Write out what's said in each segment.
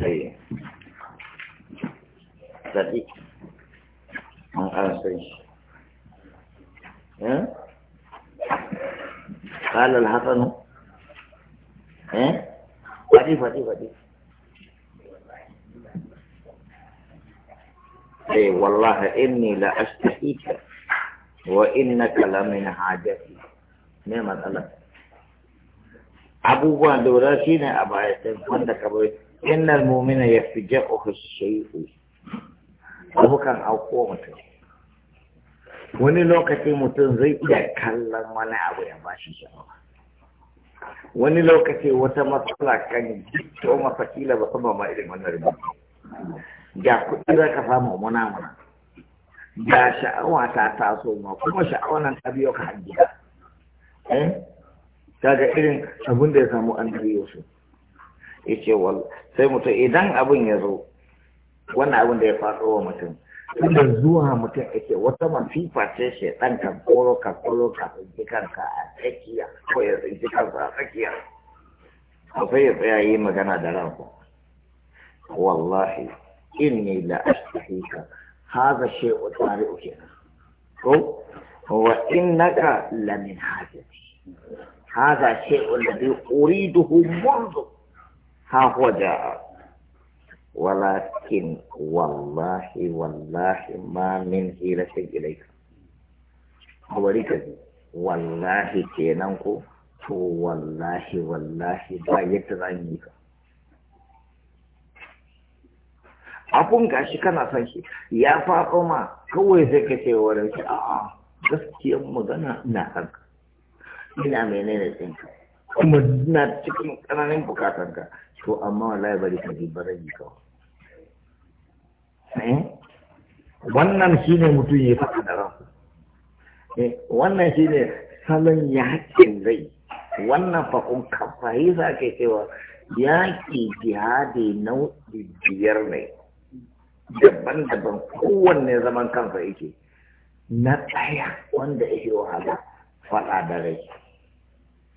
طيب آه، آه، قال الحسن فدي فدي فدي اي طيب، والله اني لا اشتهيك وانك لمن حاجتي نعم الله abubuwan lura shi ne a baya sai innal mu'mina yafja'uhu shay'u abu kan auko mutum wani lokaci mutum zai iya kallon wani abu ya bashi sha'awa wani lokaci wata matsala kan gito masa kila ba saba ma irin wannan rubutu ga kuɗi za ka samu muna muna ga sha'awa ta taso ma kuma sha'awa nan ta biyo ka har ta eh? kaga irin abin da ya samu an biyo su ce wal sai mutum idan abin ya zo wannan abin da ya faɗo wa mutum tunda zuwa mutum ake wata masifa ce shi ɗan kan koro ka koro ka tsinci kanka a tsakiya ko ya tsinci kansa a tsakiya ko sai ya tsaya yi magana da ranku wallahi inni la shi hadha shay'un tari'u kina ko wa innaka la min hajati hadha shay'un ladhi uriduhu mundu ha huwa ja'a walakin wallahi wallahi ma min hilatin ilaika bari ka ji wallahi kenan ko to wallahi wallahi ba yadda za yi ka abun gashi kana son shi ya faɗo ma kawai sai ka ce wa rauki a'a gaskiyar magana ina son ina menene ɗinka kuma ina cikin ƙananan bukatanka to amma wallahi bari ka ji barayi kawo? Eh? wannan shi ne mutum ya faɗa da ran eh, wannan shi ne salon yaƙin rai wannan faƙon kafahi sa ke cewa yaƙi jihadi nau'i biyar ne daban-daban kowanne zaman kansa yake na ɗaya wanda yake wahala faɗa da rai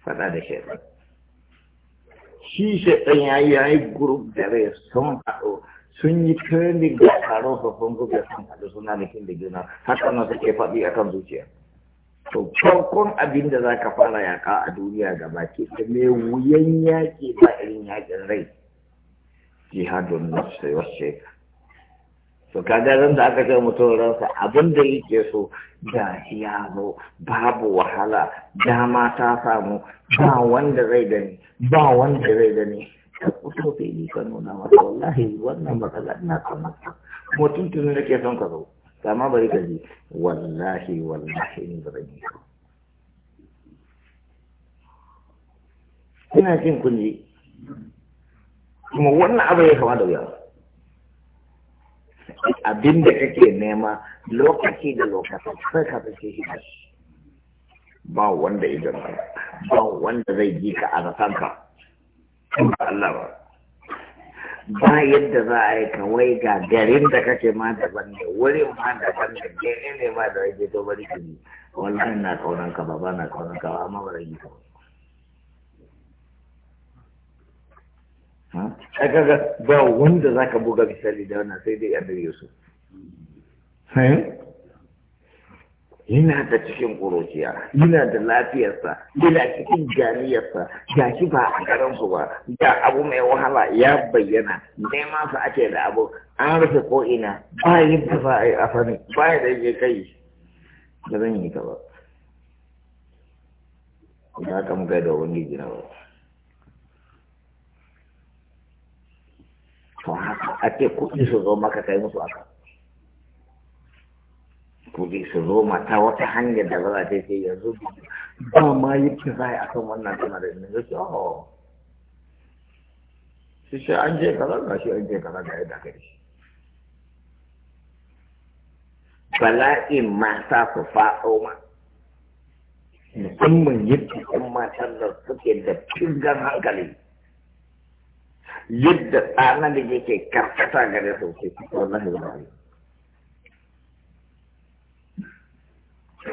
faɗa da shaitan shi shaɗan ya yi ya yi gurup da rai sun haɗo sun yi training da taron babban gobe sun haɗu suna da kin da juna haka na suke faɗi a kan zuciya to farkon abin da za ka fara yaƙa a duniya ga baki da mai wuyan yaƙi ba irin yaƙin rai jihadun nafsai wasu to kaga ran da aka ce mutum ransa abin da yake so da ya zo babu wahala dama ta samu ba wanda zai gani ba wanda zai gani ka fito ni ka nuna masa wallahi wannan matsala ina tsammar mutum tuni da ke son ka zo kama bari ka ji wallahi wallahi ni ba zan yi ka ina jin kunji kuma wannan abu ya kama da wuya abin da kake nema lokaci da lokaci sai ka fice shi ba wanda idan ba wanda zai ji ka a rasanka ba Allah ba ba yadda za a yi kawai ga garin da kake ma da ne wurin ma daban ne gene ne ma da rage to bari ki ji wallahi na kaunan ka ba ba na kaunan ka amma ba rage ka ba kaga ba wanda zaka buga misali da wannan sai dai annabi Yusuf yana da cikin ƙuruciya yana da lafiyarsa yana cikin jariyarsa ga shi ba a garinsu ba ga abu mai wahala ya bayyana nema su ake da abu an rufe ko'ina ba da za a yi a sani ba ya da yake kai da zan yi ta ba da ka muka da wani gina ba a ce kuɗi su zo maka kai musu aka kuɗi su zo mata wata hanyar da za ta ce yanzu ba ma yi kira a kan wannan tana da yanzu ce oh shi shi an je kaza ga shi an je kaza ga yadda kai shi bala'in mata su faɗo ma musamman yadda 'yan matan da suke da cikin hankali yadda tsanan da yake karkata gare su ke wallahi ba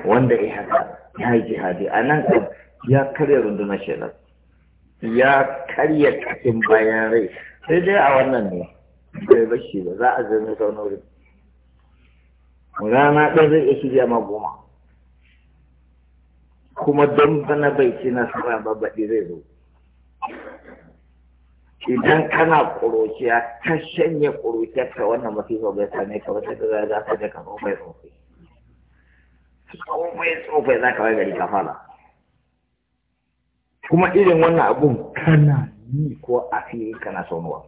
wanda ya haka ya yi jihadi a nan kan ya karya rundunar shaidar, ya karya kafin bayan rai sai dai a wannan ne bai bashi ba za a zama saunar wurin rana ɗan zai iya shirya ma goma kuma don bana bai ci nasara ba baɗi zai zo idan kana ƙuruciya ta shanye ƙuruciyar ta wannan masifa bai same ka ba sai ka za ka je ka tsofai tsofai tsofai tsofai za ka wai gari ka fara kuma irin wannan abun kana yi ko a fiye kana sonuwa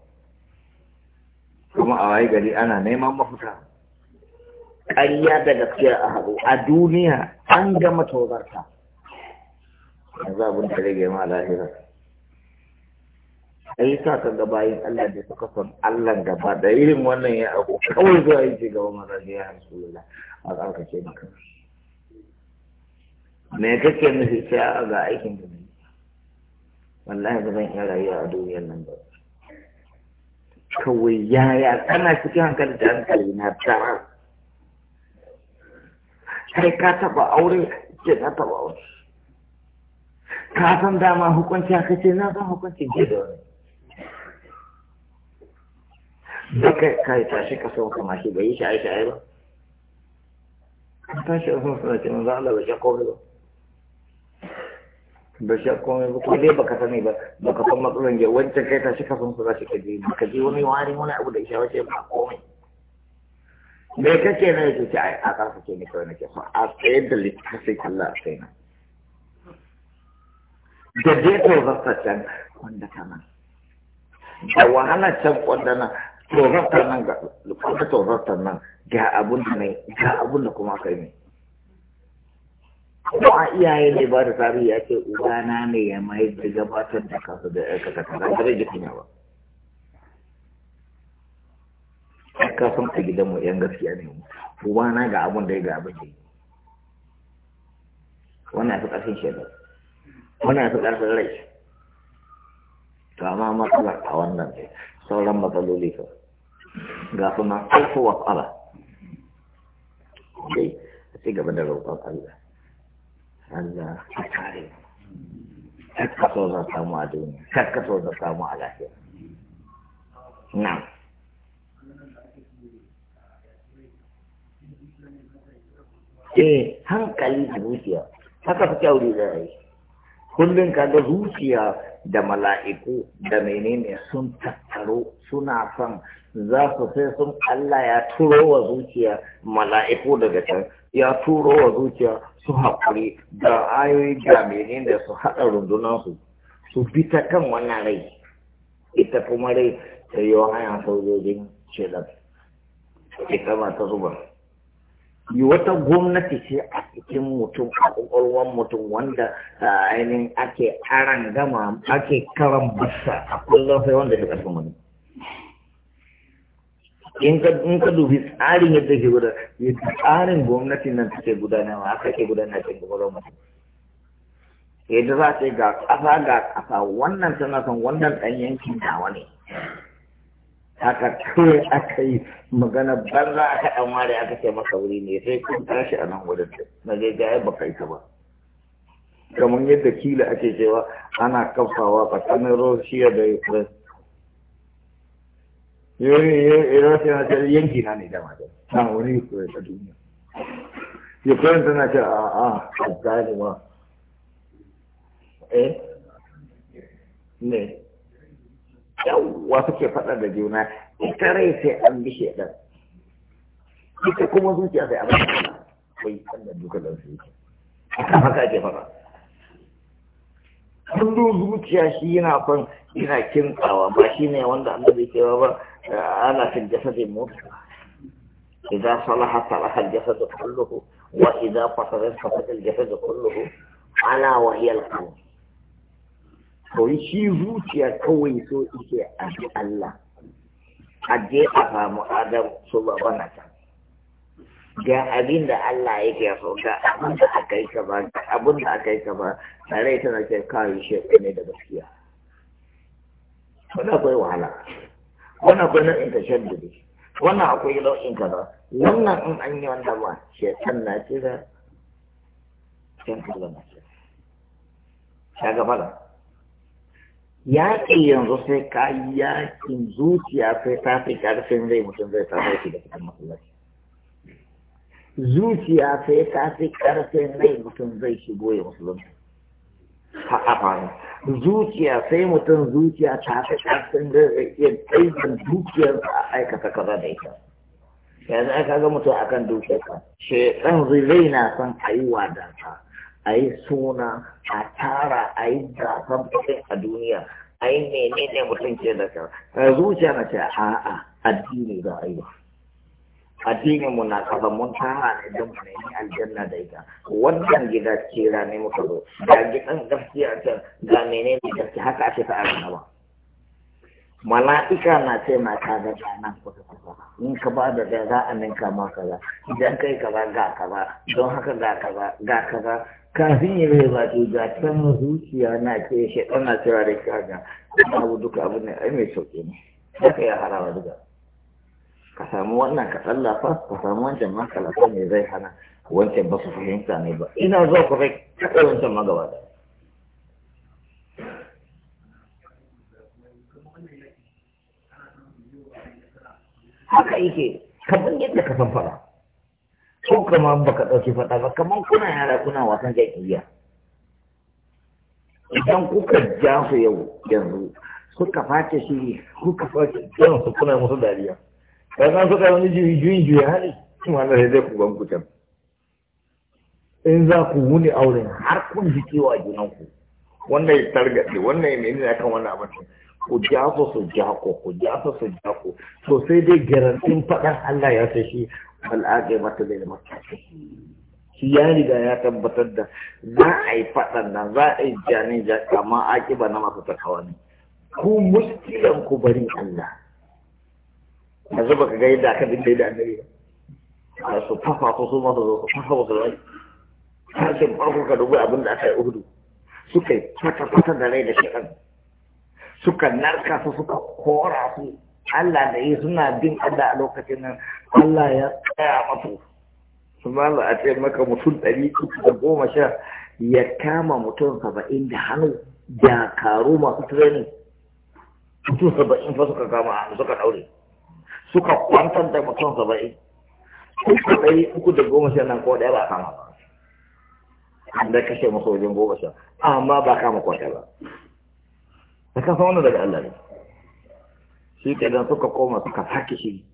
kuma a waye gari ana neman mafita ƙarya da gaskiya a haɗu a duniya an gama tozarta yanzu abin da rage ma lahirar ai sa ka ga bayin Allah da suka son Allah gaba da irin wannan ya abu kawai zuwa yi ce gaba maza da ya rasulullah a tsarkake maka me kake nufi sai ga aikin da nayi wallahi ba zan iya rayuwa a duniyar nan ba kawai yaya kana cikin hankali da hankali na tara kai ka taba aure ce na taba aure ka san dama hukunci aka ce na san hukunci ke da wani da kai kai tashi ka so kama shi bai shi aisha ai ba an tashi a sun suna ce manzo Allah shi sha komai ba bai sha komai ba ko dai baka sani ba baka san matsalan ya wancan kai tashi ka sun suna shi ka je ka je wani wari wani abu da isha wace ba a komai me kake na yake ce ai a kasa ce ne kawai nake so a tsaye da littafin kalla a tsaye na da dai to zasta can wanda kana da wahala can na. tsoratar nan ga kwanta tsoratar nan ga abun da mai ga da kuma kai ne ko a iyaye ne ba da tarihi ya ce ubana ne ya mai da gabatar da kasu da ya kaka kaza ba zai ji kunya ba ka san a gidanmu yan gaskiya ne mu ubana ga abun da ya ga abin da ya wannan ya fi ƙarfin shaidar wannan ya fi ƙarfin rai to amma matsalar a wannan ne sauran matsaloli kawai ga suna kofo wasala dai a ci gaba da roƙon Allah Allah ka kare kakka so zan a duniya kakka samu a eh hankali da zuciya haka fi kyau kullum kaga zuciya da mala'iku da menene sun tattaro suna son za su sai sun Allah ya turo wa zuciya mala'iku daga can ya turo wa zuciya su haƙuri da ayoyi da menene su haɗa rundunansu su bi ta kan wannan rai ita kuma rai ta yi wa hanyar sojojin shelar ita ma ta zuba yi wata gwamnati ce a cikin mutum a ƙwaƙwalwar mutum wanda ainihin ake aran gama ake karan basa a kullum sai wanda ya kasu wani in ka dubi tsarin yadda ke guda tsarin gwamnatin nan take gudanarwa aka ke gudanar cikin gwamnatin mutum yadda za ta ga ƙasa ga ƙasa wannan tana wannan ɗan yankin dawa ne haka kai aka yi magana banza aka ɗan ware aka ce masa wuri ne sai kun tashi a nan wurin na zai ga ba kai ta ba kamar yadda kila ake cewa ana kafawa tsakanin roshiya da ukraine roshiya na cewa yanki na ne dama da na wani ukraine ta duniya ukraine tana ce a a a gani ma eh ne yawwa suke faɗa da juna ita rai sai an bi shaidan ita kuma zuciya sai an bi shaidan kai kan da duka da su aka haka ake faɗa kullum zuciya shi yana son yana ba shi ne wanda annabi cewa ba ana fil jasadi mutsa إذا صلح صلح الجسد كله وإذا فسد فسد الجسد كله على وهي القلب to shi zuciya kawai so ike a Allah a je a samu adam su ba bana ta ga abin da Allah yake so ga abin da aka yi ka ba abin da aka yi ka ba tare tana ce kawai shi ne da gaskiya wannan akwai wahala wannan akwai nau'in tashaddudi wannan akwai nau'in kaza wannan in an yi wanda ba san na ce da kallon na ce shaga da yaƙi yanzu sai ka yakin zuciya sai ta fi ƙarfin zai mutum zai samu shi da fitan masallaci zuciya sai ta fi ƙarfin zai mutum zai shigo ya musulunci a faru zuciya sai mutum zuciya ta fi ƙarfin zai iya ɗaiɗin dukiyar a aikata kaza da ita yanzu aka ga mutum akan ka shekan zai na son a yi wadata a yi suna a tara a yi gasan a duniya a yi menene mutum ke da a zuciya na ce a'a addini za a yi ba addini mu na kafa mun tara ne don mu ne aljanna da ita wannan gida ce ne muka zo ga gidan gaskiya ta ga menene gaskiya haka ake ta ba mala'ika na ce ma ka ga nan kusa kusa in ka ba da za a ninka ma kaza idan kai kaza ga kaza don haka ga kaza ga kaza kafin yi mai ba su ga can zuciya na ce shi na cewa da kaga abu duka abu ne ai mai sauki ne haka ya harawa duka ka samu wannan ka tsallafa ka samu wancan ma kalafa ne zai hana wancan ba su fahimta ne ba ina zuwa ku kai ka wancan magabata haka yake kamar yadda ka san fara ko kamar baka ɗauki faɗa ba kamar kuna yara kuna wasan jahiliya idan kuka ja su yau yanzu kuka face shi kuka face yau su kuna musu dariya kasan suka wani juyi juyin juyi hali kuma na zai ku ban kutan in za ku wuni auren har kun ji kewa junanku wannan ya targaɗe wannan ya menene akan wannan abin ku ku su jako ku ku su jako to sai dai garantin faɗan Allah ya tashi al'aƙe mata da matashi shi ya riga ya tabbatar da za a yi faɗan nan za a yi jani ja amma akiba na masu takawa ne ku muskilan ku bari Allah yanzu baka ga yadda aka dinga da annabi ba su fafa ko su ma su fafa ko su rai sashen farko ka dubi abin da aka yi uhudu suka yi fata-fata da rai da shi suka narka su suka kora su Allah da yi suna bin Allah a lokacin nan Allah ya tsaya masu su ba a ce maka mutum ɗari da goma sha ya kama mutum saba'in da hannu da karu masu training mutum saba'in fa suka kama hannu suka ɗaure suka kwantar da mutum saba'in suka ɗari uku da goma sha nan ko ɗaya ba kama ba an da kashe masu wajen goma sha amma ba kama kwata ba da kasa wani daga Allah ne shi ke dan suka koma suka sake shi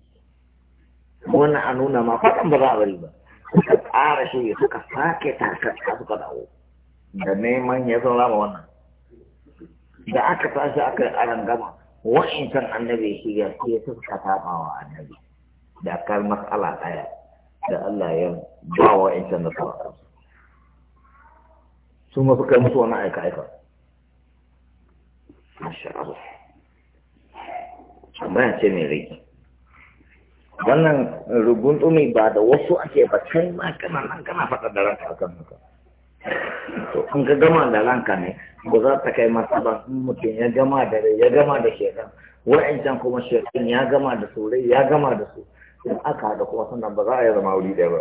wannan a nuna ma faɗan ba za a bari ba suka tsara shi suka sake a suka dawo da neman ya zama wannan da aka tashi aka yi aran gama wa'incan annabi shi ya ce suka wa annabi da kar matsala ɗaya da Allah ya ba wa'incan da sauransu su ma suka yi musu wani aika-aika masha Allah tambaya ce mai rai wannan rubun ɗumi ba da wasu ake ba kai ma kana nan kana faɗa da ranka akan haka to an ka gama da ranka ne ba za ta kai masa ba mutum ya gama da rai ya gama da shekan wa'ancan kuma shekan ya gama da su ya gama da su in aka da kuma sannan ba za a yi zama wuri ɗaya ba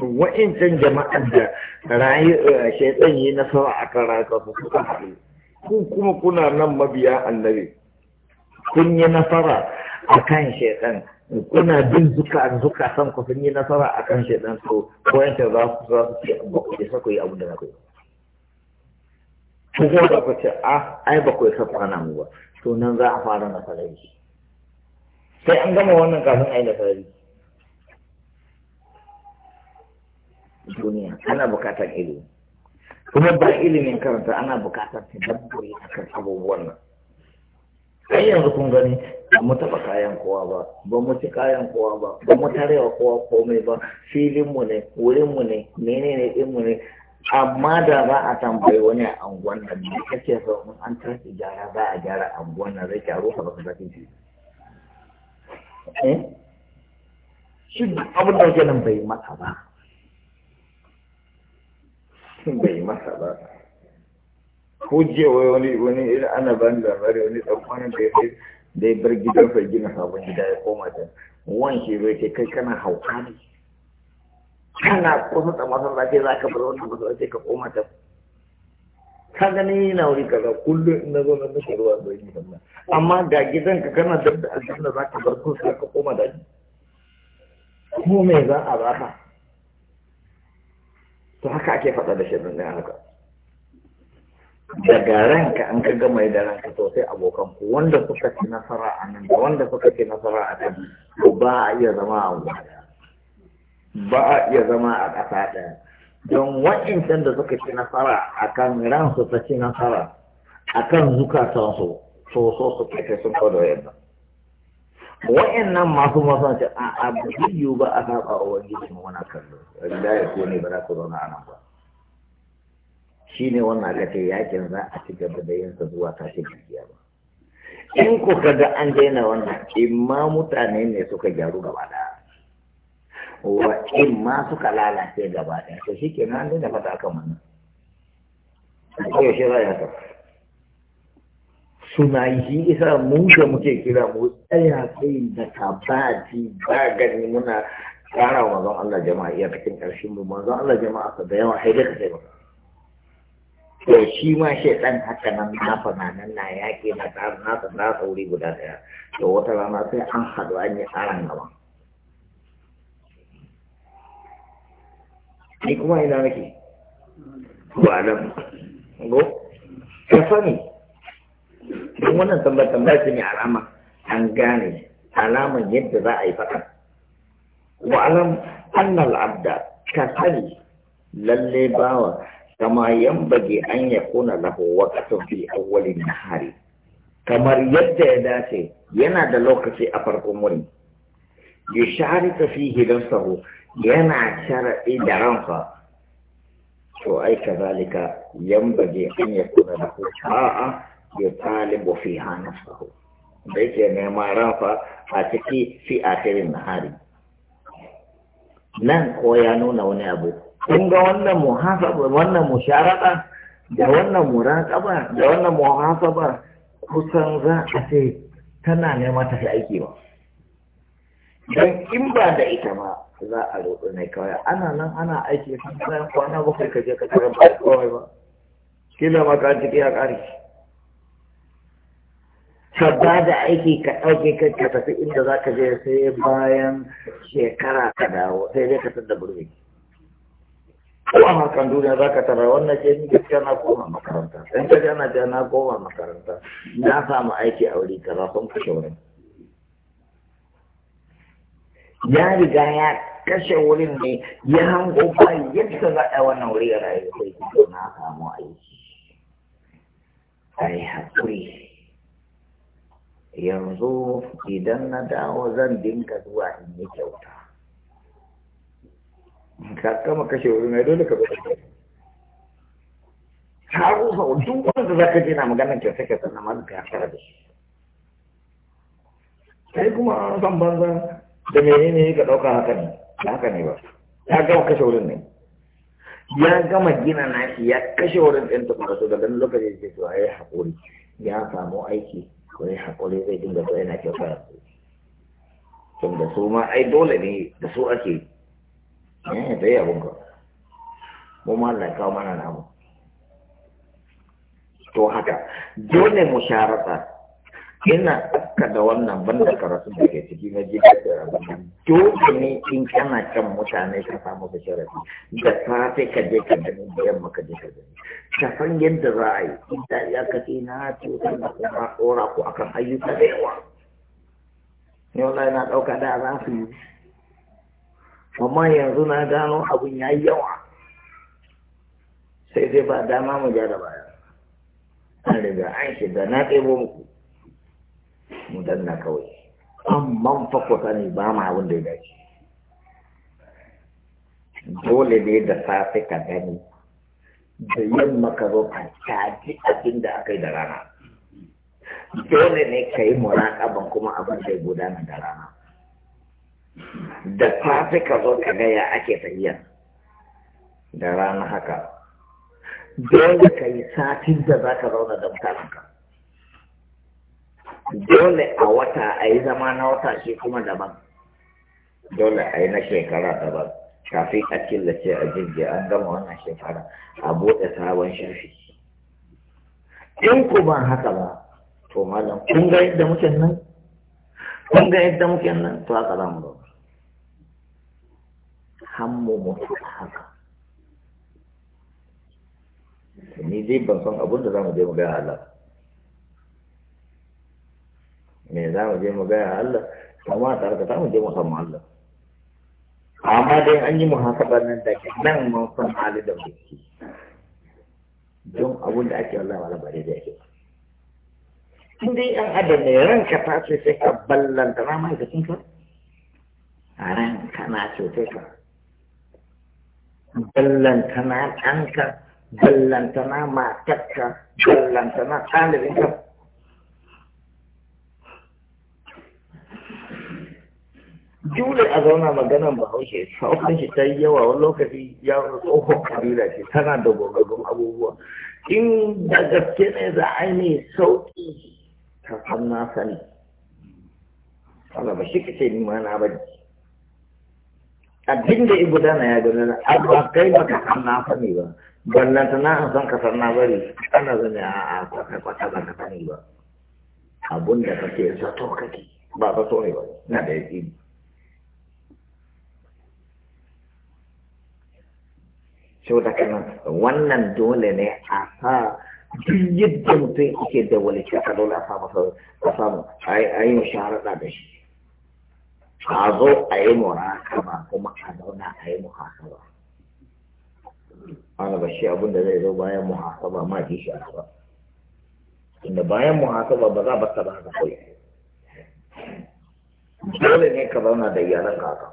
wa'incan jama'ar da rayu eh, shaitan yi nasara a kan rayuka su suka haɗu ku kuma kuna nan mabiya annabi kun yi nasara a kan shaitan kuna bin zuka zuka san ku sun yi nasara a kan shaitan to wa'incan za su za su ce ba ku isa ku yi abin da na ku yi ku kuma ku ce a ah, ai ba ku isa ku hana mu ba to nan za a fara nasarar sai an gama wannan kafin a yi nasarar duniya ana bukatar ilimi kuma ba ilimin karanta ana bukatar tadabburi akan abubuwan nan ai yanzu kun gani ba mu taɓa kayan kowa ba ba mu ci kayan kowa ba ba mu tarewa kowa komai ba filinmu ne wurinmu ne menene ɗinmu ne amma da za a tambayi wani a anguwan nan me kake so in an tashi gyara za a gyara anguwan nan zai kyaro ka baka zaki shi eh? shi abin da yake nan bai maka ba bai masa ba ko jiya wani wani irin ana bani labari wani tsakonin da ya da ya bar gidan sai gina sabon gida ya koma can wan shi zai ce kai kana hauka ne kana kusa da lafiya za ka bar wannan masallaci ka koma can ka gani na wuri kaza kullum in na zo na nufin ruwa zai yi wannan amma ga ka kana dab da aljanna za ka bar kusa ka koma da ko me za a baka to haka ake faɗa da shirin da haka daga ranka an ka gama da ranka to sai abokan ku wanda suka ci nasara a nan da wanda suka ci nasara a kan ku ba a iya zama a wanda ba a iya zama a ƙasa ɗaya don wa'incan da suka ci nasara a kan ransu ta ci nasara a kan zukatansu so so su kai sun kawo da yadda wa'annan masu masu ce a abu yiwu ba a saba wa wani mu wani kallo Allah ya ne ba za ku zauna a nan ba shi ne wannan aka ce yakin za a ci gaba da yin sa zuwa ce gaskiya ba in ku kada an daina wannan imma mutane ne suka gyaru gaba da wa imma suka lalace gaba da. to ke nan da fata akan wannan yaushe za ya haka suna yi isa mu da muke kira mu tsaya kai da ka ba ba gani muna kara wa zan Allah jama'a iya cikin karshen mu manzon Allah jama'a ka da yawa haidai ka taimaka to shi ma shaidan haka nan na fana nan na yaƙi na tsar na tsar sauri guda daya to wata rana sai an hadu an yi tsarin gaba ni kuma ina nake ba nan go ka sani don wannan tambar tambar ce mai alama an gane alaman yadda za a yi faɗa wa alam annal abda ka sani lalle bawa kama 'yan an ya kuna lahu waqatun fi awwalin nahari kamar yadda ya dace yana da lokaci a farkon wuri ya fi hidan sahu yana sharaɗi da ranfa to ai kazalika bage an ya kuna lahu a'a يطالب nema rafa a ciki fi a في na hari. nan ko ya nuna wani abu kun ga wannan muhasaba wannan musharaka da wannan muraqaba da wannan muhasaba kusan za a ce tana nema ta aiki ba don in ba da ita ma za a roƙi ne kawai ana nan ana aiki sun bayan kwana bakwai ka je ka tarar ba kawai ba kila ka ciki ya ƙare ka ba da aiki ka ɗauke kai ka tafi inda za ka je sai bayan shekara ka dawo sai dai ka da burbi ko a harkar duniya za ka tara wannan ce ni gaskiya na koma makaranta in ka ana ce na koma makaranta na samu aiki a wuri kaza sun kashe wurin ya riga ya kashe wurin ne ya hango ba yadda za a wannan wuri a rayuwa sai ki na samu aiki ai haƙuri yanzu idan na dawo zan dinka zuwa in yi kyauta ka kama kashe wuri mai dole ka bada ta rufa wani da za ka jina maganin maganar kyauta kyauta na ma ka fara da shi sai kuma san banza da ne ka ɗauka haka ne da haka ne ba ya gama kashe wurin ne ya gama gina nashi ya kashe wurin ɗin tukuna su daga lokacin ke to a yi haƙuri ya samu aiki wani haƙuri zai dinga zo yana kyauta da su tun da su ma ai dole ne da su ake yana eh, da yabon ka mu ma Allah kawo mana namu to haka dole mu sharata ina kada da wannan banda karatu da ke ciki na jirgin da rabu dole ne in kana kan mutane ka samu da sharafi da safe ka je ka gani da yamma ka je ka gani ka san yadda za a yi in ta ya ce na tuta na kuma tsora ku akan ayyuka da yawa ne wallahi na ɗauka da za su yi amma yanzu na gano abin ya yi yawa sai dai ba dama mu ja da baya an riga an shiga na ɗebo muku mu danna kawai amma fa ku sani ba ma abin da ya dace dole ne da safe ka gani da yamma ka zo ka caji abin da aka yi da rana dole ne ka yi muraƙaban kuma abin da ya gudana da rana da safe ka zo ka gaya ake tafiya da rana haka dole ka yi satin da za ka zauna da mutanenka dole a wata a yi zama na wata shi kuma daban dole a yi na shekara daban kafin a killace a jirgi an gama wannan shekara a buɗe sabon shafi in ku ban haka ba to malam kun ga yadda muke nan kun ga yadda muke nan to haka za mu ba hammu mutu haka ni dai ban san abin da za mu je mu gaya Allah me za mu je mu gaya Allah amma tare da mu je mu san Allah amma dai an yi muhasaba nan da ke nan mun san hali da muke don abin da ake Allah wala bare da yake in dai an adam ne ranka ta ce sai ka ballanta na ma'aikacin ka a ranka na ce sai ka ballanta na ɗanka ballanta na matarka ballanta na ɗalibinka dole a zauna maganan bahaushe saukan shi ta yi yawa wani lokaci ya tsohon kabila ce tana da gwagwagon abubuwa in da gaske ne za a yi sauki sauƙi ta san na sani ba shi ka ce ma na bari abin da ibu dana ya na abuwa kai ba ka san na sani ba ta na an san ka san na bari ana zane a kwata-kwata ba ka sani ba abun da kake zato kake ba ba so ne ba na da yaƙini to da kana wannan dole ne a sa duk yadda mutum yake da walita ka dole a samu a samu a yi shaharaɗa da shi a zo a yi murakaba kuma a zauna a yi muhasaba ana ba shi abin da zai zo bayan muhasaba ma ji shi a ba inda bayan muhasaba ba za ba ta ba kawai dole ne ka zauna da iyalanka haka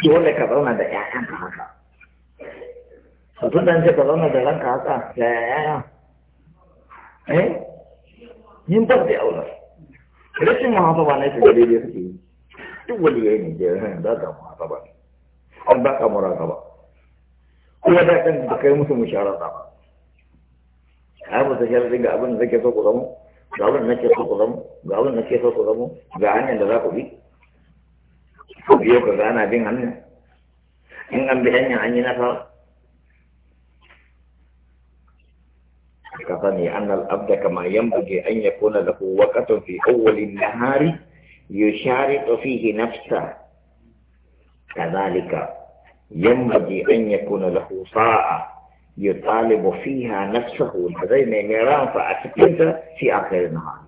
dole ka zauna da 'ya'yanka haka Satu dan saya kalau nak jalan ke atas, ya ya ya. Eh, nyimpan dia Allah. Kita semua apa mana itu jadi ba. Kuma Itu boleh ini dia, dah kamu apa bang? Anda kamu orang apa? Kita dah akan pakai so ku apa? ga musyarat tidak apa so ku kamu, ga nak kita kamu, so ku kita ga hanyar da za ku bi. Kau biar kerana bin an bi hanyar an yi nak كفني أن الأبد كما ينبغي أن يكون له وقت في أول النهار يشارك فيه نفسه كذلك ينبغي أن يكون له ساعة يطالب فيها نفسه زي نيران فأسكنت فأسكت في آخر النهار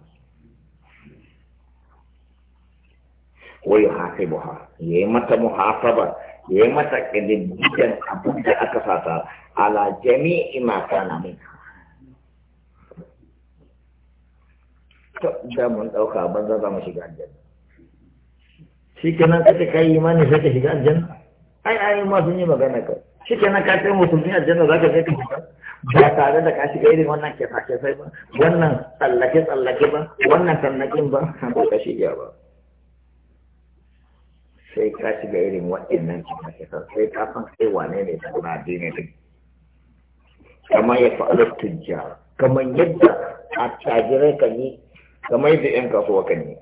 ويحاسبها يمت محاسبة يمت كذب جدا أبدا أكفاتا على جميع ما كان منها damun mun ɗauka banza za mu shiga aljanna shi kenan kace ka yi imani sai ka shiga aljanna ai ai ma sun yi magana ka shi kenan ka kai musulmi aljanna za ka kai ka shiga ba tare da ka shiga irin wannan kefa-kefai ba wannan tsallake-tsallake ba wannan tannakin ba ba ka shiga ba sai ka shiga irin waɗannan kefa kefa. sai ka san kai wane ne da kuma dine ne kamar ya fa'alar tujjar kamar yadda a tajirai kan yi kamar yadda 'yan kasuwa kan yi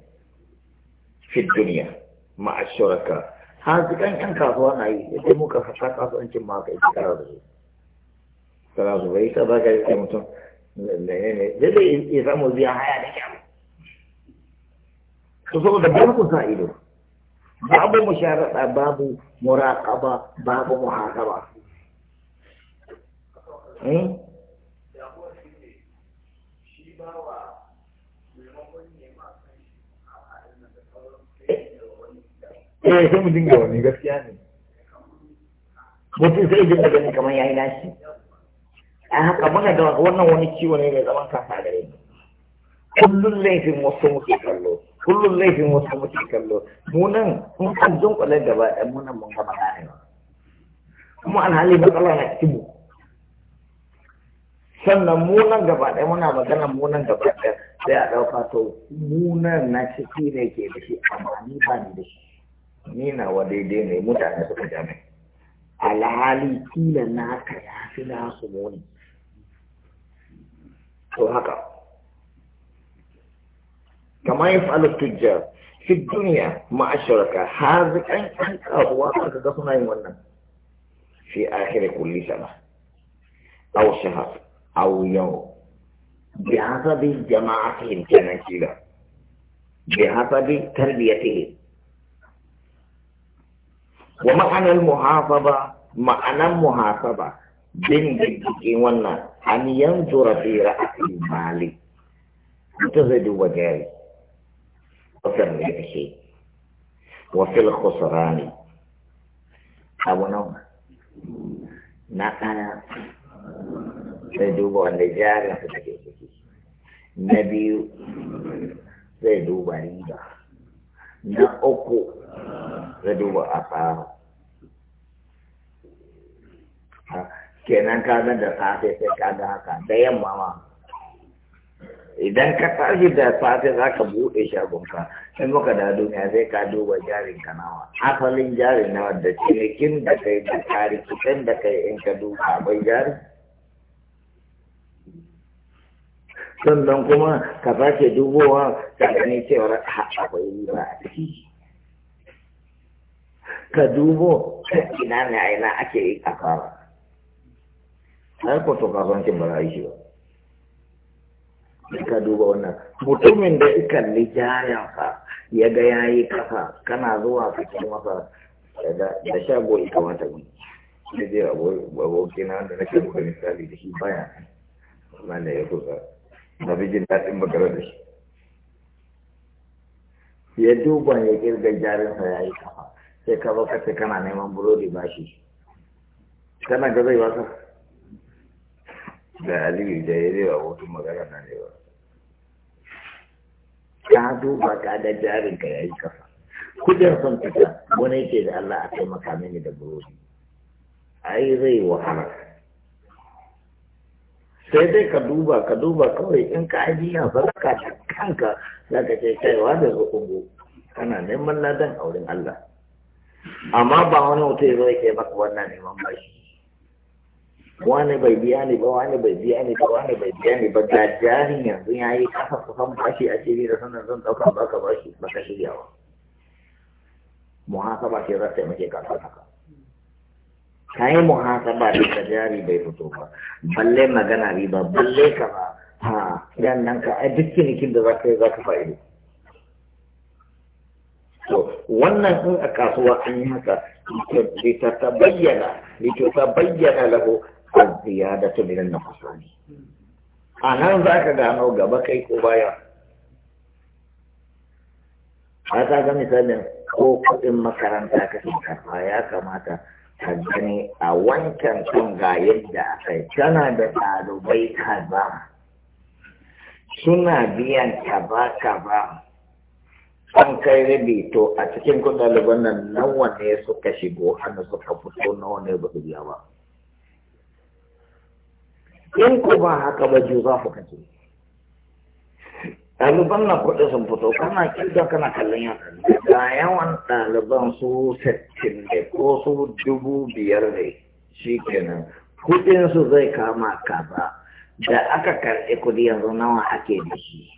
fi duniya ma'ashuraka hazikan 'yan kasuwa na yi yadda muka fasa kasuwancin ma ka yi kara da su kara su bai ta zaka yi mutum da zai ya samu biya haya da kyau su saboda ba ku sa ido babu musharaɗa babu muraƙaba babu muhasaba hmm? eh eh sai mu dinga wani gaskiya ne mutum sai dinga ganin kamar yayi nashi a haka muna da wannan wani ciwo ne mai zaman kansa da rai kullun laifin wasu muke kallo kullun laifin wasu muke kallo mu nan mun kan dunkule gaba ɗaya mu nan mun gama gane kuma alhali matsala na cikin mu sannan mu nan gaba ɗaya muna magana mu nan gaba ɗaya sai a ɗauka to mu nan na ciki ne ke da shi amma ni ba ni da shi ni na wa daidai ne mutane suka jami alhali kila na ka ya fi na su muni to haka kama ya fa'alar tujja fi duniya ma'asharaka har kan kan karuwa ka ga suna yin wannan fi akhir kulli sana aw shahar aw yau bi hasabi jama'atihim kenan kila bi hasabi tarbiyatihim wa ma'anar muhafaba ma'anar muhafaba bin diddikin wannan an yanzu rafi ra'ayin mali ita zai duba jari wafin ne da ke wafil khusrani abu nawa na ɗaya zai duba wanda jarin su take ciki na biyu zai duba riba na uku ya duba a tsara kenan kaga da safe sai kaga haka da yamma ma idan ka tashi da safe za ka buɗe shagonka in muka da duniya sai ka duba jarin ka nawa asalin jarin nawa da cinikin da kai da tarikitan da kai in ka duba bai jari sannan kuma ka sake dubowa ka gani cewar akwai riba a ka dubo ina ne a ina ake yi a kara har ko to kasuwancin ba za a yi shi ba ka duba wannan mutumin da ya kalli jayansa ya ga ya yi kasa kana zuwa ka ce masa da shago ya kamata mu da je abokina da nake buga misali da shi baya mana ya kusa na fi jin daɗin magana da shi ya duba ya kirga jarinsa ya yi kafa sai ka zo kace kana neman burodi ba shi kana ga zai wasa da alibi da ya wa hutun magana na ne ba ka duba ka da jarin ka yayi kafa kujen son fita wani yake da Allah a taimaka mini da burodi ai zai wahala sai dai ka duba ka duba kawai in ka ajiya sadaka da kanka za ka ce kaiwa da zukungu kana neman ladan auren Allah amma ba wani mutum zo yake maka wannan neman bashi wani bai biya ni ba wani bai biya ni ba wani bai biya ni ba ga jarin yanzu ya yi kasa kusan bashi a ciki da sanar zan ɗauka baka bashi baka shirya ba muhasaba ce za zata muke kasa haka ka yi muhasaba da ka jari bai fito ba balle magana riba balle ka ba ha yan nan ka ai duk cinikin da za ka yi za ka fa'ido wannan in a kasuwa an yi haka ta bayyana lahu az na min A nan za ka gano gaba kai ko baya ta ga misalin ko kuɗin makaranta ka karɓa ya kamata ka gani a wancan kan ga yadda aka yi Tana da ɗalibai kaza suna biyan kaza kaza an kai rabi to a cikin ɗaliban nan nan wanne suka shigo hannu suka fito na wanne ba su biya ba in ku ba haka ba ji za ku kace ɗaliban na kuɗi sun fito kana kirga kana kallon yaran ga yawan ɗaliban su sittin ne ko su dubu biyar ne shi kenan kuɗinsu zai kama kaza da aka karɓi kuɗi yanzu nawa ake da shi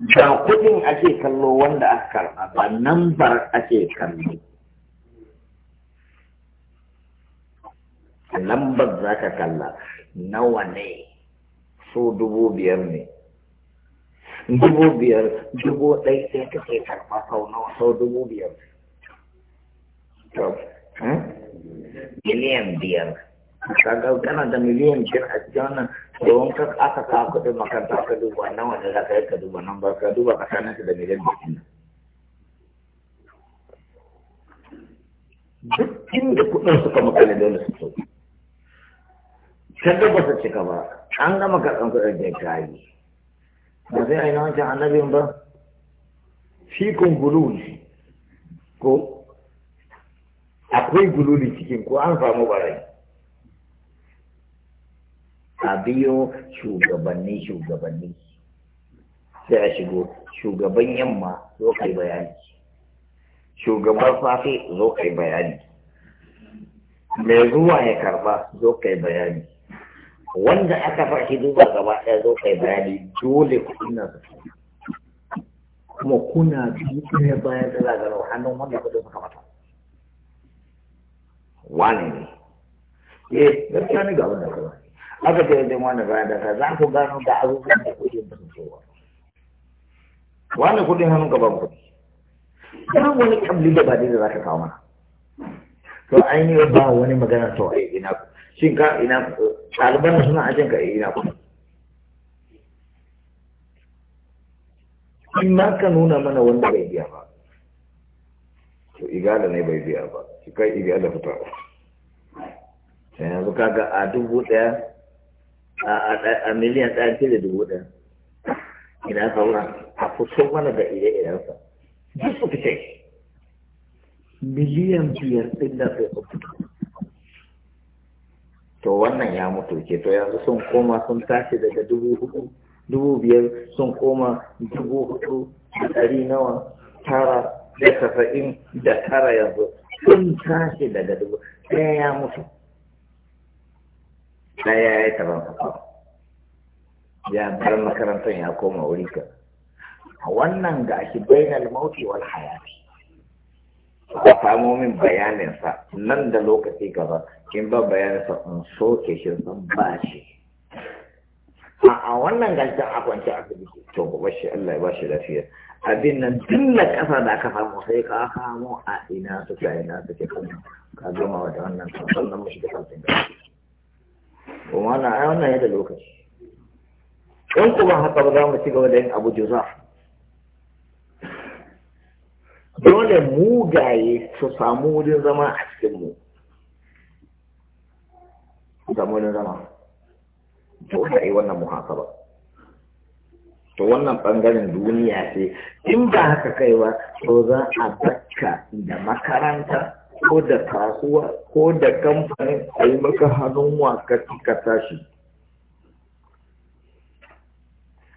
ba kudin ake kallo wanda aka karba ba bar ake kallo lambar za ka kalla nawa ne so dubu biyar ne dubu biyar dubu ɗai sai kake karba sau nawa So dubu biyar hmm? miliyan biyar kaga kana da miliyan biyar a cikin wannan domin ka aka sa kuɗin makaranta ka duba nan wanda za ka yi ka duba nan ba ka duba tsakanin ka da miliyan biyar duk inda kuɗin suka makale dole su so kaga ba su cika ba an gama karɓar kuɗin da ka yi ba sai a yi na wancan annabin ba fi kun gululi ko akwai gululi cikin ko an samu barai a biyo shugabanni shugabanni sai a shigo shugaban yamma zo kai bayani shugaban safe zo kai bayani mai zuwa ya karba zo kai bayani wanda aka farki duba gaba ɗaya zo kai bayani dole kuɗin su kuma kuna biyu ɗaya bayan da zagaro hannun wanda ku suka mata wane ne eh gaskiya ne ga ka kawai aka ce wajen wani bayan da ka za ku gano da abubuwan da kuɗin ba su so wani kuɗin hannun ka ban kuɗi ba wani kabli da ba da za ka kawo mana to ainihin ba wani magana to a eh, ina ku shin ka ina ku eh, ɗaliban na suna ajin ka eh, ina ku in ma ka nuna mana wanda bai biya ba to igala ne bai biya ba shi kai igala fita sai yanzu kaga a dubu ɗaya a miliyan ɗaya ce da dubu ɗaya ina sauran a fito mana da ire-irensa duk su fice miliyan biyar ɗin da sai su fito to wannan ya mutu ke to yanzu sun koma sun tashi daga dubu hudu dubu biyar sun koma dubu hudu da ɗari nawa tara da tasa'in da tara yanzu sun tashi daga dubu ɗaya ya mutu ɗaya ya yi taron kafa ya bar makarantar ya koma wuri ka a wannan ga shi bainal mauti wal hayati ka samo min bayaninsa nan da lokaci gaba in ba bayaninsa in soke shi zan ba shi a wannan gashin a kwanci asibiti to ba shi Allah ya ba shi lafiya abin nan duk na kasa da aka samu sai ka samu a ina suke a ina suke kuma ka gama da wannan sannan mu shiga kan kuma na wannan yadda lokaci in kuma haka ba za mu ci gaba da yin abu jiza dole mugaye su samu wurin zama a cikinmu su samu wurin zama dole a yi wannan muhasaba to wannan bangaren duniya ce in ba haka kai ba to za a bakka da makaranta ko da kasuwa ko da kamfanin a yi maka hannun waka ka tashi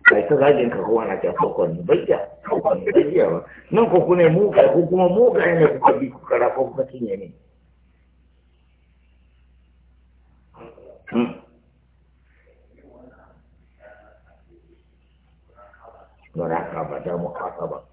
kai ta zagin ka kowa na kyan kokon bayya kokon bayya ba nan ko ne mugaye ko kuma mugaye ne kuka bi kuka rafa kuka cinye ne Nora hmm. ka ba da mu ka ba.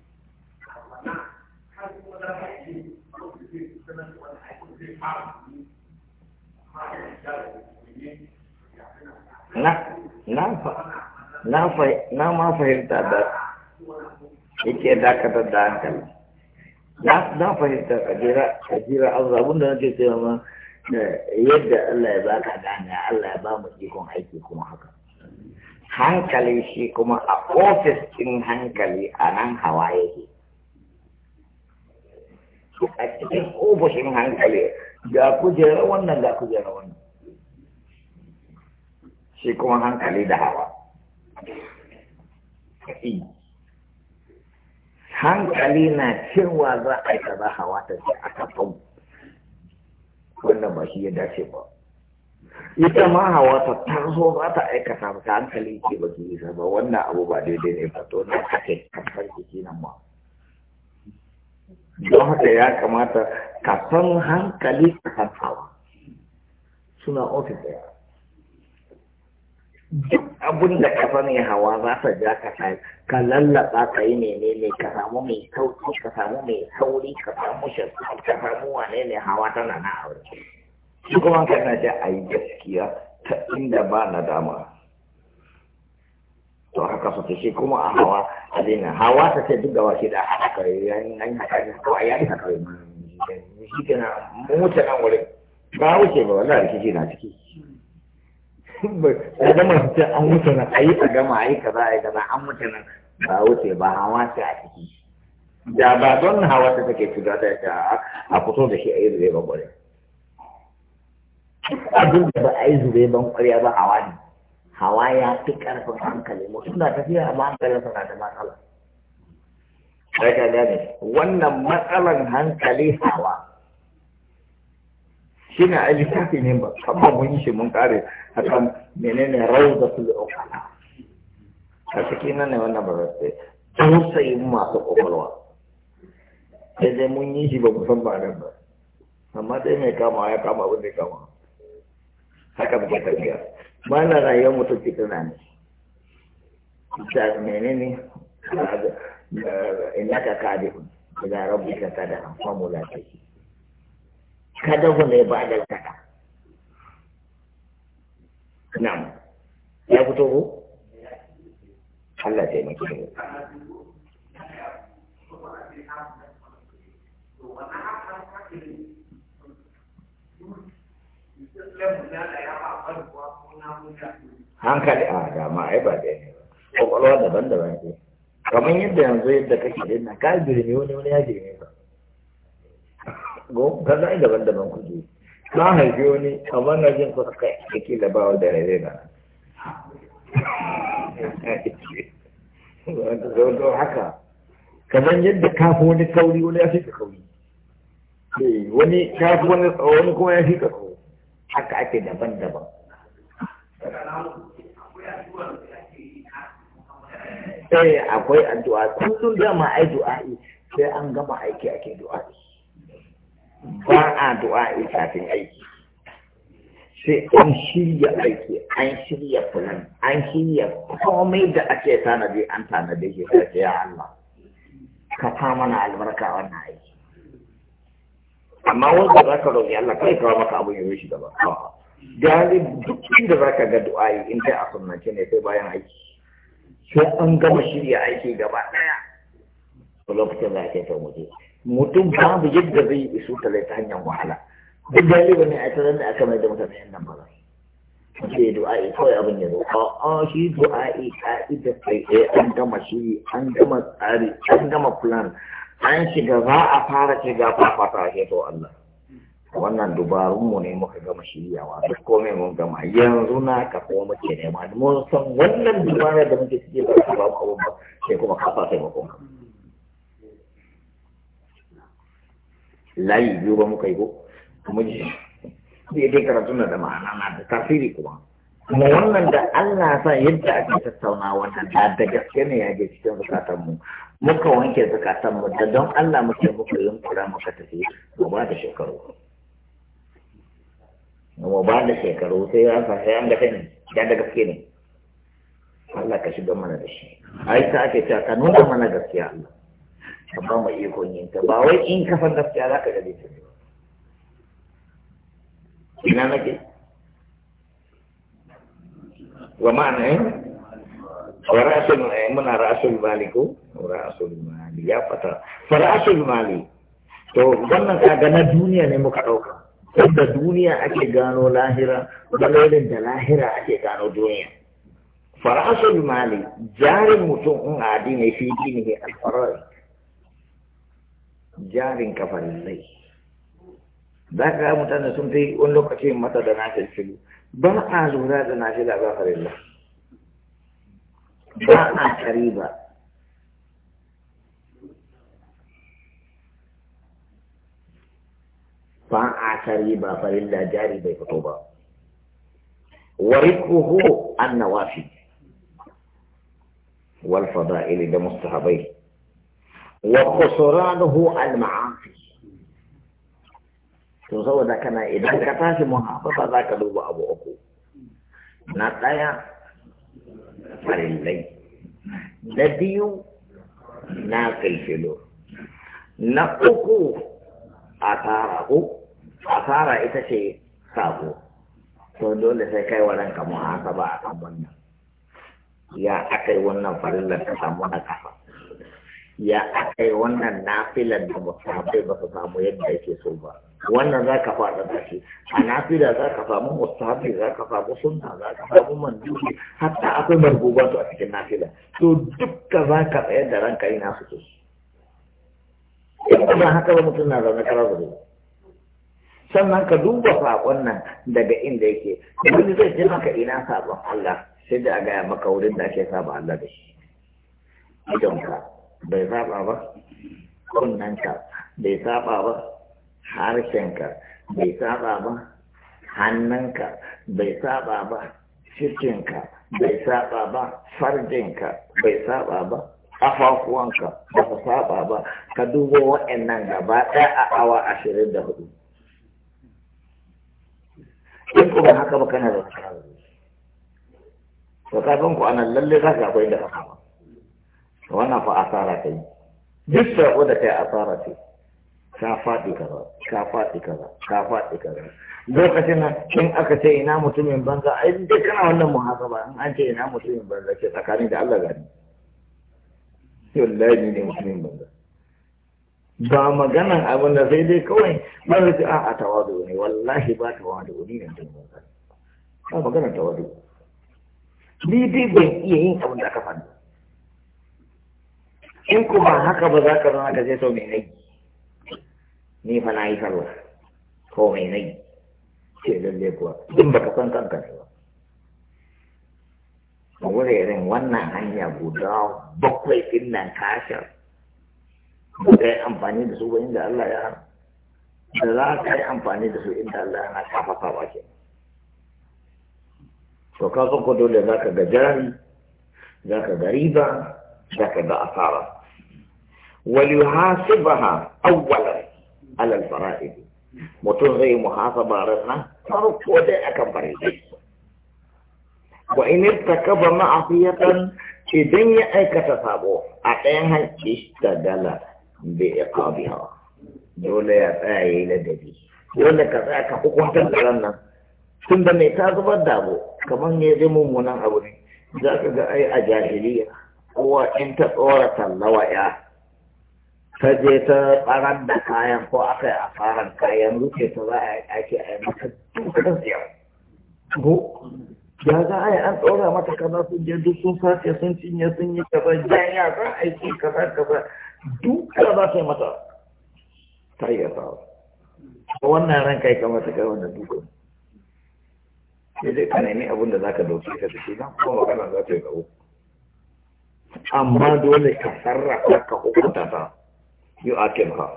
na ma fahimta da yake dakatar da hankali na fahimta ka jira an zabun da nake cewa ma eh, yadda Allah ya baka gane Allah ya ba mu ikon aiki kuma haka hankali shi kuma a ofis ɗin hankali a nan hawa yake a cikin ofishin hankali ga kujerar wannan ga kujerar wannan shi kuma hankali da hawa hankali na cewa za a yi kaza hawa ta ce a fau wannan ba shi ya dace ba ita ma hawa ta taso za ta aikata maka hankali ke ba ki isa ba wannan abu ba daidai ne ba to na kake kasar jiki nan ma don haka ya kamata kafan hankali ka san hawa suna ofis ɗaya duk abin da ka sani hawa za ta ja ka sai ka lallaba ka yi menene ka samu mai sauki ka samu mai sauri ka samu shafi ka samu wane ne hawa tana na aure shi kuma na ce a yi gaskiya ta inda ba na dama to haka su ce kuma a hawa a hawa ta ce duk da shi da haka yi yan haka kawai haka yi. shi ke na mota nan wurin ba wuce ba wallahi rikici na ciki a gama ce an wuce nan ayi a gama ayi kaza ayi kaza an wuce nan ba wuce ba hawa ce a ciki da ba don hawa ta take shiga da ta a fito da shi a yi zube ban kwarai abin da ba a yi zube ban kwarai ba hawa ne hawa ya fi karfin hankali mu suna tafiya amma hankalin suna da matsala daga gane wannan matsalan hankali hawa shi ne a littafi ne ba kama mun shi mun kare a kan menene su ukala a ciki nan ne wannan ba zai tausayin masu kwakwalwa sai dai mun yi shi ba mu san ba nan ba amma dai mai kama ya kama abin da ya kama haka muke tafiya ba na rayuwar mutum fitina ne da menene innaka kadihun ila rabbika ta fa Kada ku ne ba da kada na'am ya fito ku? Allah ya maki ne hankali a dama ai ba da yi. ba kwakwalwa daban-daban ce kamar yadda yanzu yadda kake da ina ka girme wani wani ya girme ka go ka zai daban daban kuje na ji wani kamar na jin kusa kai kake da ba da rere na zo haka kamar yadda ka fi wani kauri wani ya fi ka kauri eh, wani ka fi wani kuma ya fi ka kauri haka ake daban daban sai eh, akwai addu'a kullum dama ai du'a'i sai an gama aiki ake du'a'i ba a du'a'i kafin aiki sai an shirya aiki an shirya fulan an shirya komai da ake tanadi an tanadi shi ya Allah ka fa mana albarka wannan aiki amma wanda za ka roƙi Allah kai kawo maka abin ya shi gaba gari duk inda za ka ga du'a'i in dai a sunnace ne sai bayan aiki sai an gama shirya aiki gaba ɗaya a lokacin da ake ta mutu mutum babu yadda zai yi su ta ta hanyar wahala duk galiba ne a tarar da aka mai da mutane yan nan ba za su ce du'a'i kawai abin ya zo a shi du'a'i ka'idar kai ɗaya eh, an gama shiri an gama tsari an gama plan an shiga za a fara shiga fafata a to Allah wannan dubarun mu ne muka gama shiryawa duk komai mun gama yanzu na ka kuma muke nema mun san wannan dubarar da muke cikin da ba mu abun ba sai kuma ka fa taimakon ka layi biyu ba muka yi ko kuma ji bai dai karatu na da ma'ana na da tasiri kuma kuma wannan da Allah sa yadda ake tattauna wannan da da gaske ne yake cikin zakatar Mu muka wanke mu da don Allah muke yin kura muka tafi gaba da shekaru mu ba da shekaru sai an sa sai an ga kai ne dan da gaske ne Allah ka shiga mana da shi ai ta ake cewa ka nuna mana gaskiya Allah ka ba mu ikon yin ta ba wai in ka san gaskiya za ka gaje ta ina nake wa ma'ana eh wa ra'sul eh, muna ra'sul maliku ra'sul mali ya fata fa ra'sul mali to wannan kaga na duniya ne muka dauka da duniya ake gano lahira dalilin da lahira ake gano duniya farasul mali jarin mutum in adi ne fi dini ne alfarar jarin kafarin lai za ka mutane sun fi wani lokaci mata da na filfilu ba a lura da na da lai ba a kariba فأعتريبا فلله جاري بي خطوبا ورقه النوافي والفضائل لمصطحبي وخسرانه المعافي تنصوى ذاكنا إذا كتاس محافظة ذاك دوب أبو أكو نطايا فلله نديو ناقل فلور نقوكو أتاره asara ita ce sabo to dole sai kai wa ranka muhasaba a kan wannan ya akai wannan farillar ka samu na kafa ya akai wannan nafilar da musahabai ba su samu yadda yake so ba wannan za ka faɗa da shi a nafila za ka samu mustahabi za ka samu sunna za ka samu mandubi hatta akwai marbuban su a cikin nafila to dukka za ka tsayar da ranka ina su ke ba haka ba mutum na zaune karar zuwa sannan ka duba saƙon nan daga inda yake wani zai ji maka ina saƙon Allah sai da a gaya maka wurin da ake saba Allah da shi idonka bai saba ba kunnanka bai saba ba harshenka bai saba ba hannunka bai saba ba cikinka bai saba ba farjinka bai saba ba ƙafafuwanka ba ka saba ba ka dubo waɗannan gaba ɗaya a awa ashirin da hudu in kuma haka ba kana da tsara da shi to kafin ku ana lalle za ka akwai da haka ba to wannan fa asara ta yi duk ku da kai asara ce ka faɗi kaza ka faɗi kaza ka faɗi kaza lokacin nan in aka ce ina mutumin banza ai duk kana wannan muhasaba in an ce ina mutumin banza ce tsakanin da Allah gani wallahi ne mutumin banza ba maganan abin da sai dai kawai ba zai ce a'a tawadu ne wallahi ba tawadu ne ne ba magana tawadu ni dai ban iya yin abin da aka faɗi in ku ba haka ba za ka zama ka je to mai nai ni fa na yi sallah ko mai nai ce lalle kuwa in ka san kanka ne ba a wuraren wannan hanya guda bakwai ɗin nan kashar ka yi amfani da su ba inda Allah ya da za ka yi amfani da su inda Allah yana kafafa ba ke to ka san ko dole za ka ga jari za ka ga riba za ka ga asara وليحاسبها أولا على الفرائض متنغي محاسبة رزنا فرق ودي Idan ya aikata sabo a ɗayan تسابو da اشتغل ya ya Dole بإقابها Dole ka tsaya ka كذاك حكم تنقلنا tun da mai ta zuba da abu kamar ne zai mummunan abu ne za ka ga ai a jahiliya kowa in ta tsora tallawa ya ta je ta tsarar da kayan ko aka yi a asarar kayan rufe ta za a yi ake a yi mata dukkan ziyar? ko ya za a yi an tsora mata kaza sun je duk sun sace sun cinye sun yi kaza janya za a yi kaza kaza duka za su yi mata ta yi gasawa wannan ran kai kamata kai wannan dukan sai dai ka nemi abin da za ka dauke ka da shi nan kuma magana za ta yi uku. amma dole ka sarrafa ka hukunta ta yi akin ha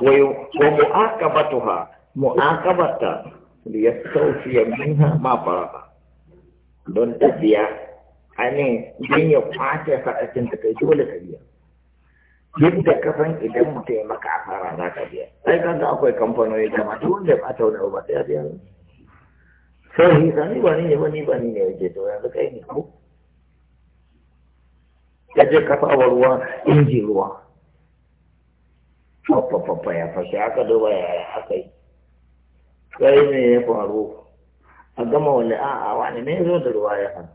aka wa mu'aqabatuha ya li ya minha ma fara don tafiya ainihin don ya kwace sa'atin cikin kai dole ka biya yadda ka san idan mutum ya maka asara za ka biya sai kan ga akwai kamfanoni da masu wanda ba ta wani ba ta biya sai yi ni ba ni ne ba ni ba ni ne yake to yanzu kai ne ko ya je kafa wa ruwa inji ruwa fafafafa ya fashe aka duba ya aka yi sai ne ya faru a gama wani a'a wani ne zo da ruwa ya hannu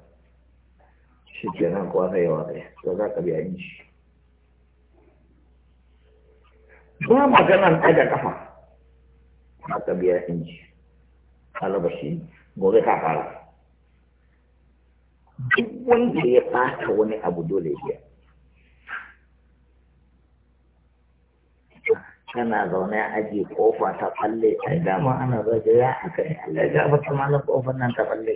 shi kenan kwa zai yawa ɗaya to za ka biya inji ba maganan ɗaga kafa haka biya inji alabashi gobe ka fara duk wanda ya ɓata wani abu dole ya biya kana zaune a aji kofa ta falle ai dama ana zaje ya aka yi Allah ya bata malam kofar nan ta falle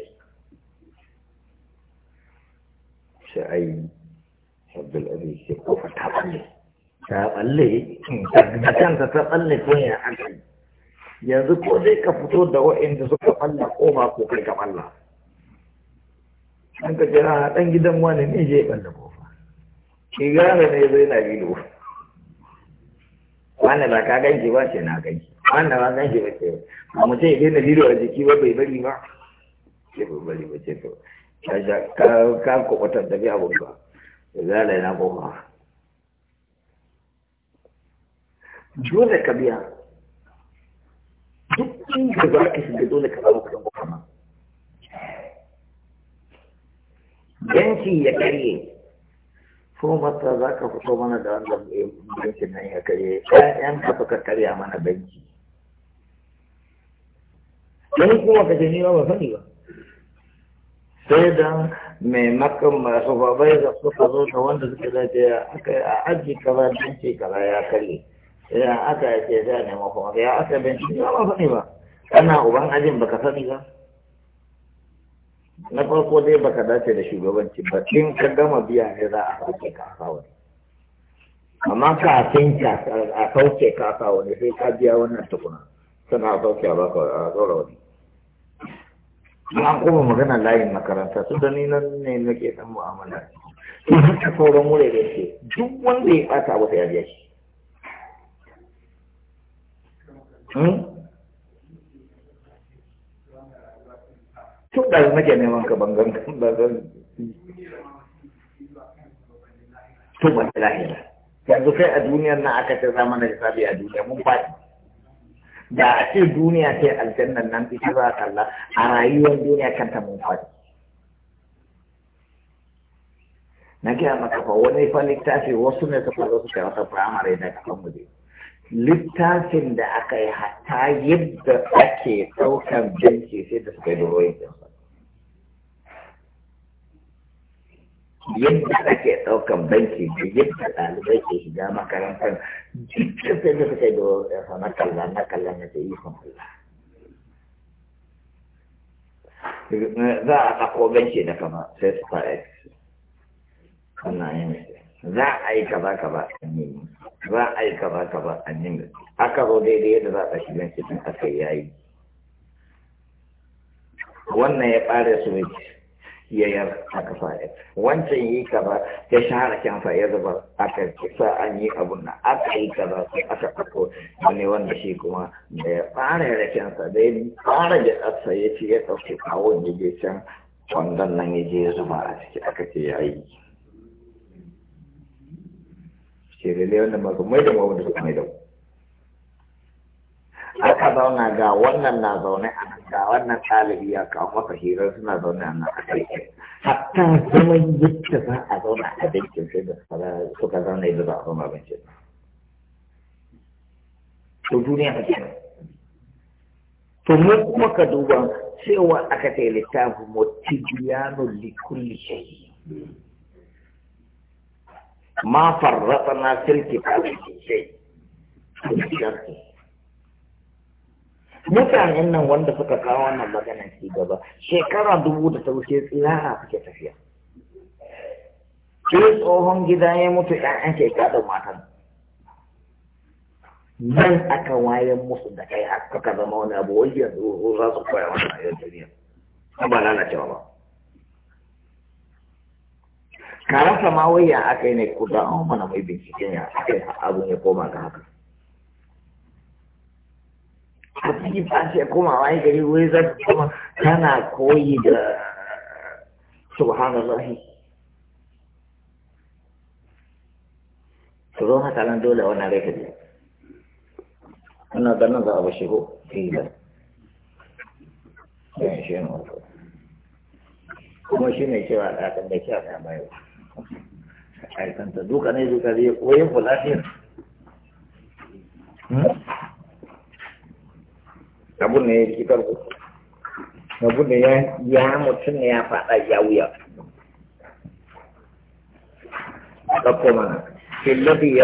sai ai Abdul Aziz sai kofa ta falle ta balle da kanta ta tsalle ko ya aji. yanzu ko dai ka fito da wa'inda suka tsalle ko ba ko kai ka balla an ka a ɗan gidan wani ne tsalle ko fa ki gane ne zai na gido wani ba ka ganki ba ce na ganki wani ba ganki ba ce ba mutum ya daina gido a jiki ba bai bari ba ce bai bari ba ce to ka kwakwatar da bi abubuwa zai zala yana kofa dole ka biya duk inda za ka shiga dole ka zama kudin kuma yanki ya karye ko mata za ka fito mana da wanda yanki nan ya karye ƴaƴan ka suka karya mana banki wani kuma ka jini ni ba sani ba sai da mai makon masu babai da suka zo da wanda suka zaje aka yi a aji kaza banki kaza ya karye ya aka ce za a nema kuma ya aka bincike ba ba faɗi ba kana uban ajin baka sani ba na farko dai baka dace da shugabanci ba in ka gama biya ne za a sauke ka a amma ka a a sauke ka a ne sai ka biya wannan tukuna a sauke a baka a zaura wani an kuma magana layin makaranta su da ni nan ne nake dan mu'amala to ta sauran wurare ke duk wanda ya ɓata wata ya biya shi Cuk dari macam memang kebanggaan belakang. Cuma lahir. Yanzu kai a duniyar na aka ce zama na hisabi a duniya mun faɗi. Da a ce duniya ce aljannan nan ita za a Allah a rayuwar duniya kanta mun faɗi. Na gaya maka fa wani fa littafi wasu ne suka zo suka rasa firamare na kafan mu dai. littafin da aka yi hatta yadda ake ɗaukar binci sai da suka yi ruwayin yadda ake ɗaukar banki da yadda ɗalibai ke shiga makarantar dukkan sai da suka yi da na kalla na kalla na ta yi kan Allah. Za a ɗako banki da kama sai su fara yi. Ana yin za a yi kaza kaza a yi za a yi kaza kaza an yi da aka zo daidai yadda za a shiga cikin aka yi yayi wannan ya ɓare su ya a aka ya wancan yi kaza ya shahara kyansa ya zuba aka sa an yi abun na aka yi kaza su aka ɗauko wani wanda shi kuma da ya ɓare rakensa da ya ɓare jaɗarsa ya ce ya ɗauki kawon ya je can Wannan nan ya je ya zuba a ciki aka ce ya yi ke lalle wannan ba mai da wanda suka mai da aka zauna ga wannan na zaune a nan ga wannan ɗalibi ya kawo masa hirar suna zaune a nan a ƙarshe hatta zaman yadda za a zauna a abincin sai da suka zauna yadda za a zauna a abincin to duniya ta kenan to mu kuma ka duba cewa aka ce littafin mu tijiyanun likulli shayi ma فرطنا في الكتاب من mutanen nan wanda suka kawo wannan magana ci gaba shekara dubu da ta wuce tsirara suke tafiya sai tsohon gida ya mutu ƴaƴan ke da matan nan aka wayan musu da kai har suka zama wani abu wani yanzu za su koya wannan a duniya ba lalacewa ba ka rasa ma waya aka yi ne kuda an mana mai binciken ya aka yi abin ya koma ga haka a ciki tashi ya koma wani gari wai za ta kuma tana koyi da subhanallahi to haka nan dole wani rai ka je wannan ganin za a yi ko filan eh, yan shi ne kuma shi ne cewa ɗaɗin da kyau ta bayarwa aikanta duka ne duka zai koyin ku lafiyar hmm? abu ne ya cikar ku abu ne ya mutum ne ya faɗa ya wuya ɗauko mana filafi ya